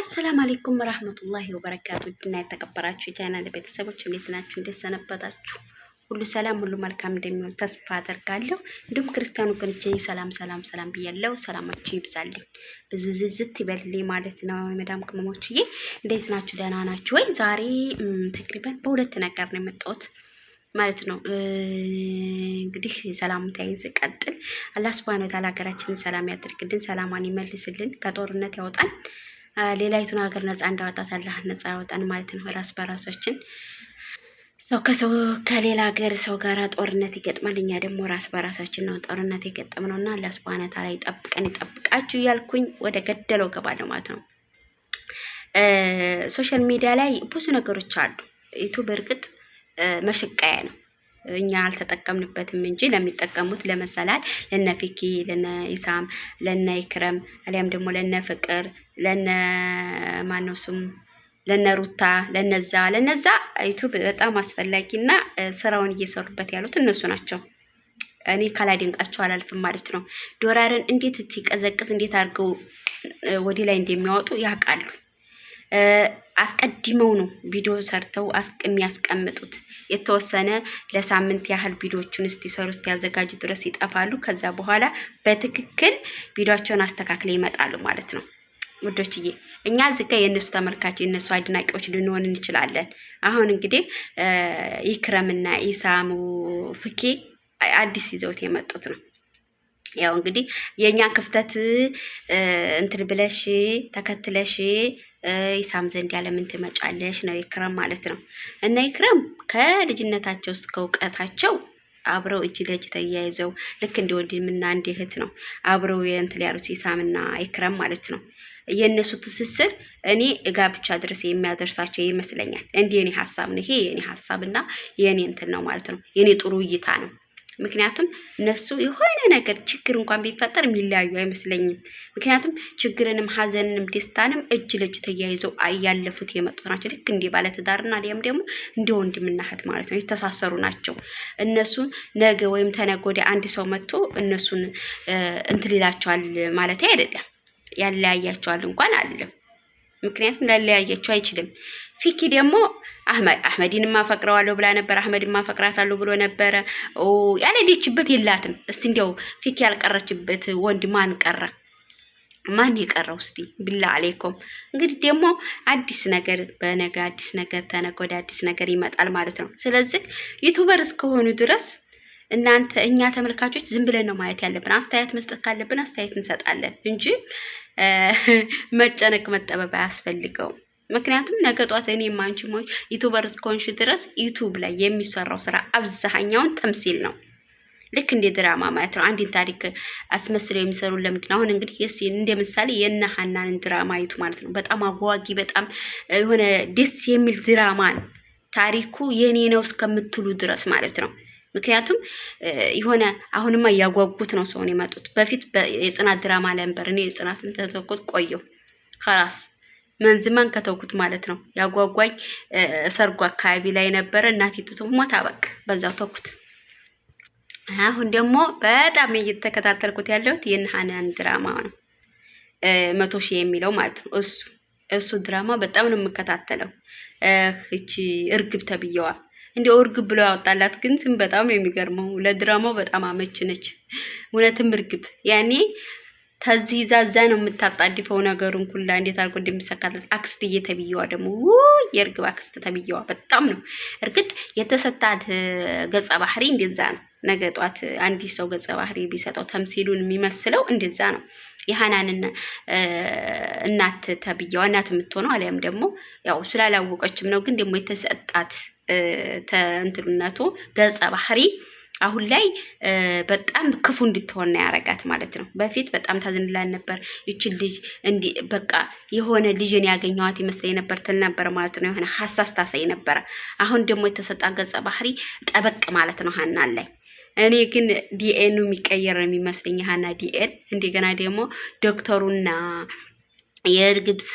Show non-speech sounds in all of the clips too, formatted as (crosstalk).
አሰላም አሌይኩም ረህመቱላሂ ወበረካቱ እና የተከበራችሁ የቻይና ቤተሰቦች እንዴት ናችሁ? እንዴት ሰነበታችሁ? ሁሉ ሰላም፣ ሁሉ መልካም እንደሚሆን ተስፋ አደርጋለሁ። እንዲሁም ክርስቲያኑ ቅንቼ ሰላም ሰላም ሰላም ብያለሁ። ሰላማችሁ ይብዛልኝ ብዝዝዝት ይበልልኝ ማለት ነው። መዳም ቅመሞችዬ እንዴት ናችሁ? ደህና ናችሁ ወይ? ዛሬ ተቅሪበን በሁለት ነገር ነው የመጣሁት ማለት ነው። እንግዲህ ሰላምታዬን ስቀጥል አላህ ሱብሃነሁ ወተዓላ ሀገራችንን ሰላም ያደርግልን፣ ሰላማን ይመልስልን፣ ከጦርነት ያወጣን ሌላይቱን ሀገር ነፃ እንዳወጣት አላህ ነፃ ያወጣን ማለት ነው። ራስ በራሳችን ሰው ከሰው ከሌላ ሀገር ሰው ጋር ጦርነት ይገጥማል። እኛ ደግሞ ራስ በራሳችን ነው ጦርነት የገጠምነው እና አላህ ሱብሃነ ተዓላ ይጠብቀን ይጠብቃችሁ እያልኩኝ ወደ ገደለው ገባለሁ ማለት ነው። ሶሻል ሚዲያ ላይ ብዙ ነገሮች አሉ። ዩቱብ እርግጥ መሸቀያ ነው። እኛ አልተጠቀምንበትም እንጂ ለሚጠቀሙት ለመሰላል ለነ ፊኪ፣ ለነ ኢሳም፣ ለነ ይክረም አሊያም ደግሞ ለነ ፍቅር ለነ ማነው ስሙ ለነ ሩታ ለነዛ ለነዛ ዩቱብ በጣም አስፈላጊ እና ስራውን እየሰሩበት ያሉት እነሱ ናቸው። እኔ ካላደንቃቸው አላልፍም ማለት ነው። ዶላርን እንዴት ሲቀዘቅዝ እንዴት አድርገው ወዲ ላይ እንደሚያወጡ ያውቃሉ። አስቀድመው ነው ቪዲዮ ሰርተው የሚያስቀምጡት። የተወሰነ ለሳምንት ያህል ቪዲዮቹን እስኪሰሩ እስኪያዘጋጁ ድረስ ይጠፋሉ። ከዛ በኋላ በትክክል ቪዲዮቸውን አስተካክለው ይመጣሉ ማለት ነው። ውዶችዬ እኛ እዚህ ጋር የእነሱ ተመልካች የእነሱ አድናቂዎች ልንሆን እንችላለን። አሁን እንግዲህ ኢክረምና ኢሳሙ ፍኬ አዲስ ይዘውት የመጡት ነው። ያው እንግዲህ የእኛን ክፍተት እንትን ብለሽ ተከትለሽ ኢሳም ዘንድ ያለምን ትመጫለሽ ነው ኢክረም ማለት ነው። እና ይክረም ከልጅነታቸው እስከ እውቀታቸው አብረው እጅ ለእጅ ተያይዘው ልክ እንደ ወንድምና እንደ እህት ነው አብረው እንትን ያሉት ኢሳምና ይክረም ማለት ነው። የእነሱ ትስስር እኔ እጋብቻ ድረስ የሚያደርሳቸው ይመስለኛል። እንዲ የኔ ሀሳብ ነው። ይሄ የኔ ሀሳብ እና የኔ እንትን ነው ማለት ነው። የኔ ጥሩ እይታ ነው። ምክንያቱም እነሱ የሆነ ነገር ችግር እንኳን ቢፈጠር የሚለያዩ አይመስለኝም። ምክንያቱም ችግርንም፣ ሀዘንንም፣ ደስታንም እጅ ለእጅ ተያይዘው ያለፉት የመጡት ናቸው። ልክ እንደ ባለትዳርና ሊያም ደግሞ እንደ ወንድምና እህት ማለት ነው የተሳሰሩ ናቸው። እነሱን ነገ ወይም ተነገ ወዲያ አንድ ሰው መጥቶ እነሱን እንትን ይላቸዋል ማለት አይደለም። ያለያያቸዋል እንኳን አለም። ምክንያቱም ላለያያቸው አይችልም። ፊኪ ደግሞ አህመድ አህመድን ማፈቅረዋለሁ ብላ ነበር፣ አህመድን ማፈቅራታለሁ ብሎ ነበረ። ያልሄደችበት የላትም። እስቲ እንዲያው ፊኪ ያልቀረችበት ወንድ ማን ቀረ? ማን የቀረው እስቲ ብላ አሌይኩም። እንግዲህ ደግሞ አዲስ ነገር በነገ አዲስ ነገር ተነገ ወደ አዲስ ነገር ይመጣል ማለት ነው። ስለዚህ ዩቱበር እስከሆኑ ድረስ እናንተ እኛ ተመልካቾች ዝም ብለን ነው ማየት ያለብን። አስተያየት መስጠት ካለብን አስተያየት እንሰጣለን እንጂ መጨነቅ መጠበብ አያስፈልገውም። ምክንያቱም ነገ ጧት እኔ ማንችሞች ዩቱበር እስከሆንሽ ድረስ ዩቱብ ላይ የሚሰራው ስራ አብዛኛውን ጥምሲል ነው። ልክ እንደ ድራማ ማለት ነው። አንድን ታሪክ አስመስለው የሚሰሩ ለምንድን ነው? አሁን እንግዲህ የስ እንደ ምሳሌ የእነ ድራማ አይቱ ማለት ነው። በጣም አጓጊ፣ በጣም የሆነ ደስ የሚል ድራማ ታሪኩ የኔ ነው እስከምትሉ ድረስ ማለት ነው። ምክንያቱም የሆነ አሁንማ እያጓጉት ነው ሰውን የመጡት። በፊት የጽናት ድራማ ነበር። እኔ የጽናትን ተተኩት ቆየው ከራስ መንዝማን ከተውኩት ማለት ነው። ያጓጓኝ ሰርጉ አካባቢ ላይ ነበረ። እናቴ ትትሞት አበቅ በዛው ተኩት። አሁን ደግሞ በጣም እየተከታተልኩት ያለሁት ይህን የነሐናን ድራማ ነው። መቶ ሺህ የሚለው ማለት ነው። እሱ እሱ ድራማ በጣም ነው የምከታተለው። እቺ እርግብ ተብየዋል እንዲ እርግብ ብሎ ያወጣላት ግን ስም በጣም የሚገርመው። ለድራማው በጣም አመች ነች። እውነትም እርግብ ያኔ ተዚህ ይዛ ነው የምታጣድፈው ነገሩን ኩላ እንዴት አድርጎ እንደሚሳካለት። አክስትዬ ተብዬዋ ደግሞ የእርግብ አክስት ተብዬዋ በጣም ነው እርግጥ የተሰጣት ገጸ ባህሪ እንደዛ ነው። ነገ ጧት አንድ ሰው ገጸ ባህሪ ቢሰጠው ተምሲሉን የሚመስለው እንደዛ ነው። የሀናንን እናት ተብዬዋ እናት የምትሆነው አሊያም ደግሞ ያው ስላላወቀችም ነው። ግን ደግሞ የተሰጣት ተንትንነቱ ገጸ ባህሪ አሁን ላይ በጣም ክፉ እንድትሆን ነው ያረጋት ማለት ነው። በፊት በጣም ታዝንላን ነበር። ይቺ ልጅ እንዲ በቃ የሆነ ልጅን ያገኘዋት ይመስለኝ ነበር ትል ነበር ማለት ነው። የሆነ ሀሳስ ታሳይ ነበረ። አሁን ደግሞ የተሰጣ ገጸ ባህሪ ጠበቅ ማለት ነው ሀና ላይ። እኔ ግን ዲኤኑ የሚቀየር የሚመስለኝ ሀና ዲኤን እንደገና ደግሞ ዶክተሩና የእርግብስ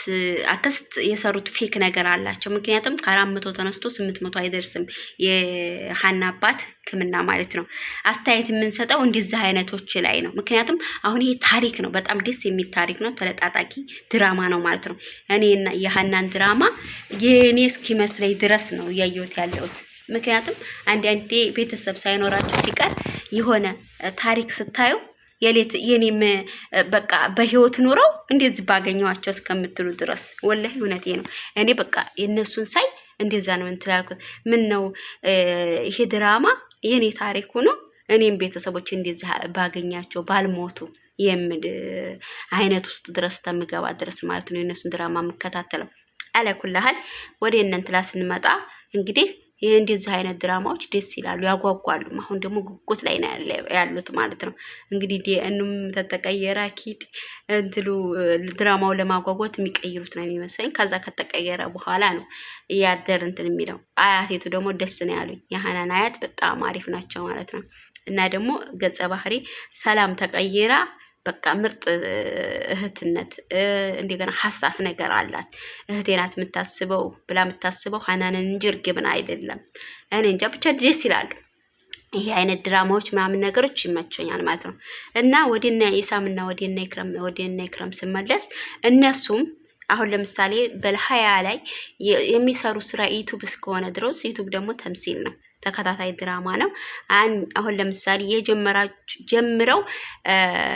አክስት የሰሩት ፌክ ነገር አላቸው። ምክንያቱም ከአራት መቶ ተነስቶ ስምንት መቶ አይደርስም የሀና አባት ሕክምና ማለት ነው። አስተያየት የምንሰጠው እንደዚህ አይነቶች ላይ ነው። ምክንያቱም አሁን ይሄ ታሪክ ነው፣ በጣም ደስ የሚል ታሪክ ነው። ተለጣጣቂ ድራማ ነው ማለት ነው። እኔና የሀናን ድራማ የእኔ እስኪመስለኝ ድረስ ነው እያየሁት ያለሁት። ምክንያቱም አንዳንዴ ቤተሰብ ሳይኖራቸው ሲቀር የሆነ ታሪክ ስታዩ የሌት የኔም በቃ በህይወት ኑረው እንደዚህ ባገኘዋቸው እስከምትሉ ድረስ ወላሂ እውነቴ ነው። እኔ በቃ የእነሱን ሳይ እንደዛ ነው እንትን ያልኩት። ምን ነው ይሄ ድራማ የኔ ታሪኩ ነው እኔም ቤተሰቦች እንደዚህ ባገኛቸው ባልሞቱ የምል አይነት ውስጥ ድረስ ተምገባ ድረስ ማለት ነው የእነሱን ድራማ የምከታተለው አለኩላህል ወደ እነንትላ ስንመጣ እንግዲህ ይህ እንደዚህ አይነት ድራማዎች ደስ ይላሉ፣ ያጓጓሉ። አሁን ደግሞ ጉጉት ላይ ያሉት ማለት ነው። እንግዲህ እንም ተተቀየረ ኪት እንትሉ ድራማው ለማጓጓት የሚቀይሩት ነው የሚመስለኝ። ከዛ ከተቀየረ በኋላ ነው እያደር እንትን የሚለው። አያቴቱ ደግሞ ደስ ነው ያሉኝ። የሀናን አያት በጣም አሪፍ ናቸው ማለት ነው። እና ደግሞ ገጸ ባህሪ ሰላም ተቀይራ በቃ ምርጥ እህትነት እንደገና ሀሳስ ነገር አላት። እህቴ ናት የምታስበው ብላ የምታስበው ሀናንን እንጂ እርግብን አይደለም። እኔ እንጃ ብቻ ደስ ይላሉ። ይሄ አይነት ድራማዎች ምናምን ነገሮች ይመቸኛል ማለት ነው። እና ወዴና ኢሳም እና ወደና ይክረም ወደና ስመለስ እነሱም አሁን ለምሳሌ በሀያ ላይ የሚሰሩ ስራ ዩቱብ እስከሆነ ድረስ ዩቱብ ደግሞ ተምሲል ነው። ተከታታይ ድራማ ነው። አሁን ለምሳሌ ጀምረው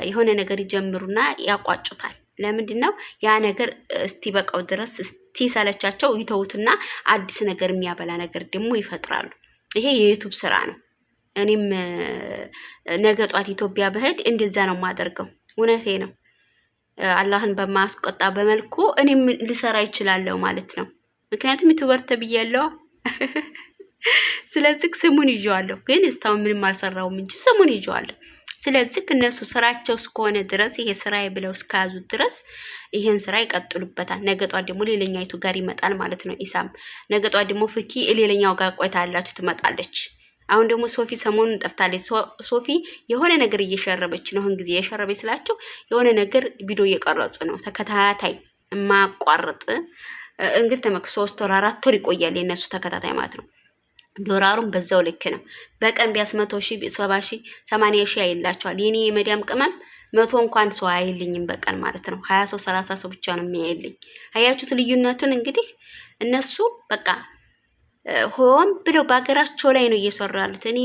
የሆነ ነገር ይጀምሩና ያቋጩታል። ለምንድን ነው ያ ነገር እስቲበቃው ድረስ እስቲሰለቻቸው ይተውትና አዲስ ነገር የሚያበላ ነገር ደግሞ ይፈጥራሉ። ይሄ የዩቱብ ስራ ነው። እኔም ነገ ጧት ኢትዮጵያ በህድ እንደዛ ነው የማደርገው። እውነቴ ነው። አላህን በማስቆጣ በመልኩ እኔም ልሰራ ይችላለሁ ማለት ነው። ምክንያቱም ዩቱበር ተብያለዋ። (laughs) ስለዚህ ስሙን ይዤዋለሁ፣ ግን እስካሁን ምንም አልሰራውም እንጂ ስሙን ይዤዋለሁ። ስለዚህ እነሱ ስራቸው እስከሆነ ድረስ ይሄ ስራዬ ብለው እስከያዙት ድረስ ይሄን ስራ ይቀጥሉበታል። ነገጧ ደግሞ ሌላኛይቱ ጋር ይመጣል ማለት ነው ኢሳም። ነገጧ ደግሞ ፍኪ ሌላኛው ጋር ቆይታ አላችሁ ትመጣለች። አሁን ደግሞ ሶፊ ሰሞኑን ጠፍታለች። ሶፊ የሆነ ነገር እየሸረበች ነው። አሁን ጊዜ እየሸረበች ስላቸው የሆነ ነገር ቪዲዮ እየቀረጹ ነው ተከታታይ የማያቋርጥ እንግዲህ ተመክ ሶስት ወር አራት ወር ይቆያል የእነሱ ተከታታይ ማለት ነው። ዶራሩም በዛው ልክ ነው። በቀን ቢያንስ መቶ ሺህ ሰባ ሺ ሰማንያ ሺ አይላቸዋል። የኔ የመዲያም ቅመም መቶ እንኳን ሰው አይልኝም በቀን ማለት ነው። ሀያ ሰው ሰላሳ ሰው ብቻ ነው የሚያይልኝ። አያችሁት ልዩነቱን? እንግዲህ እነሱ በቃ ሆን ብለው በሀገራቸው ላይ ነው እየሰሩ ያሉት። እኔ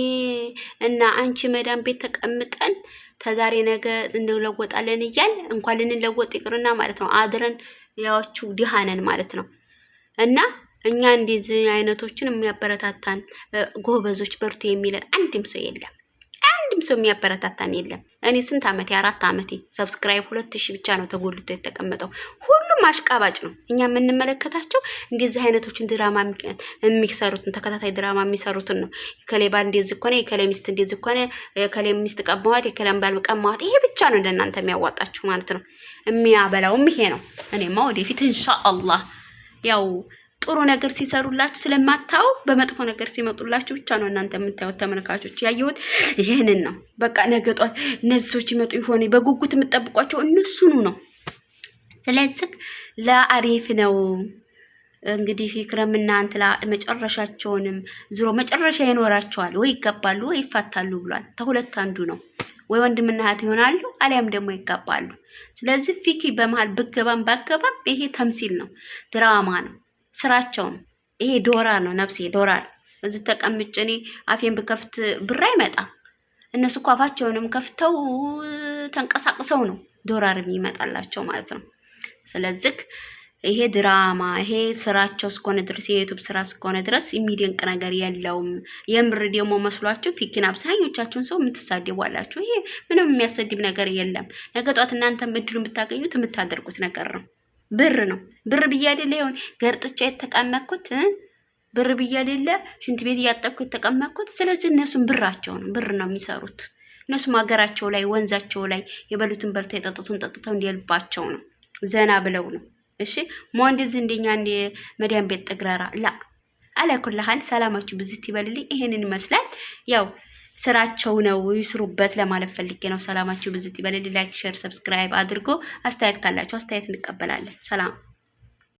እና አንቺ መዳም ቤት ተቀምጠን ተዛሬ ነገ እንለወጣለን እያል እንኳን ልንለወጥ ይቅርና ማለት ነው አድረን ያዎቹ ድሃ ነን ማለት ነው እና እኛ እንደዚህ አይነቶችን የሚያበረታታን ጎበዞች በርቱ የሚለን አንድም ሰው የለም። አንድም ሰው የሚያበረታታን የለም። እኔ ስንት ዓመቴ አራት ዓመቴ ሰብስክራይብ ሁለት ሺህ ብቻ ነው ተጎልቶ የተቀመጠው። ሁሉም አሽቃባጭ ነው። እኛ የምንመለከታቸው እንደዚህ አይነቶችን ድራማ የሚሰሩትን ተከታታይ ድራማ የሚሰሩትን ነው። የከሌ ባል እንደዚህ እኮ ነው፣ የከሌ ሚስት እንደዚህ እኮ ነው፣ የከሌ ሚስት ቀማዋት፣ የከሌን ባል ቀማዋት። ይሄ ብቻ ነው እንደናንተ የሚያዋጣችሁ ማለት ነው። የሚያበላውም ይሄ ነው። እኔማ ወደፊት አላህ ያው ጥሩ ነገር ሲሰሩላችሁ ስለማታው በመጥፎ ነገር ሲመጡላችሁ ብቻ ነው እናንተ የምታዩት። ተመልካቾች ያየሁት ይህንን ነው። በቃ ነገ ጧት እነዚህ ሰዎች ይመጡ ይሆን በጉጉት የምጠብቋቸው እነሱኑ ነው። ስለዚህ ለአሪፍ ነው እንግዲህ እናንት ላ መጨረሻቸውንም ዝሮ መጨረሻ ይኖራቸዋል ወይ ይጋባሉ ወይ ይፋታሉ ብሏል። ተሁለት አንዱ ነው ወይ ወንድምና እህት ይሆናሉ አሊያም ደግሞ ይጋባሉ። ስለዚህ ፊኪ በመሀል ብገባም ባገባም ይሄ ተምሲል ነው፣ ድራማ ነው። ስራቸው ነው። ይሄ ዶራ ነው፣ ነፍሴ ዶራ ነው። እዚህ እኔ አፌን ብከፍት ብር አይመጣም። እነሱ እኮ አፋቸውንም ከፍተው ተንቀሳቅሰው ነው ዶራር የሚመጣላቸው ማለት ነው። ስለዚህ ይሄ ድራማ ይሄ ስራቸው እስከሆነ ድረስ የዩቱብ ስራ እስከሆነ ድረስ የሚደንቅ ነገር የለውም። የምር ደግሞ መስሏችሁ ፊኪን አብዛኞቻችሁን ሰው የምትሳደቧላችሁ። ይሄ ምንም የሚያሰድብ ነገር የለም። ነገ ጧት እናንተም እድሉን ብታገኙት የምታደርጉት ነገር ነው። ብር ነው ብር ብያሌለ ይሁን ገርጥቻ የተቀመጥኩት ብር ብያሌለ ሽንት ቤት እያጠብኩ የተቀመጥኩት። ስለዚህ እነሱም ብራቸው ነው ብር ነው የሚሰሩት። እነሱም ሀገራቸው ላይ ወንዛቸው ላይ የበሉትን በልተው የጠጡትን ጠጥተው እንዲልባቸው ነው ዘና ብለው ነው። እሺ ሞ እንደዚህ እንደኛ እንደ መድያም ቤት ጥግረራ ላ አላኩልሃል። ሰላማችሁ ብዝት ይበልልኝ። ይሄንን ይመስላል ያው ስራቸው ነው ይስሩበት ለማለት ፈልጌ ነው። ሰላማችሁ ብዝት ይበልል። ላይክ፣ ሼር፣ ሰብስክራይብ አድርጎ አስተያየት ካላችሁ አስተያየት እንቀበላለን። ሰላም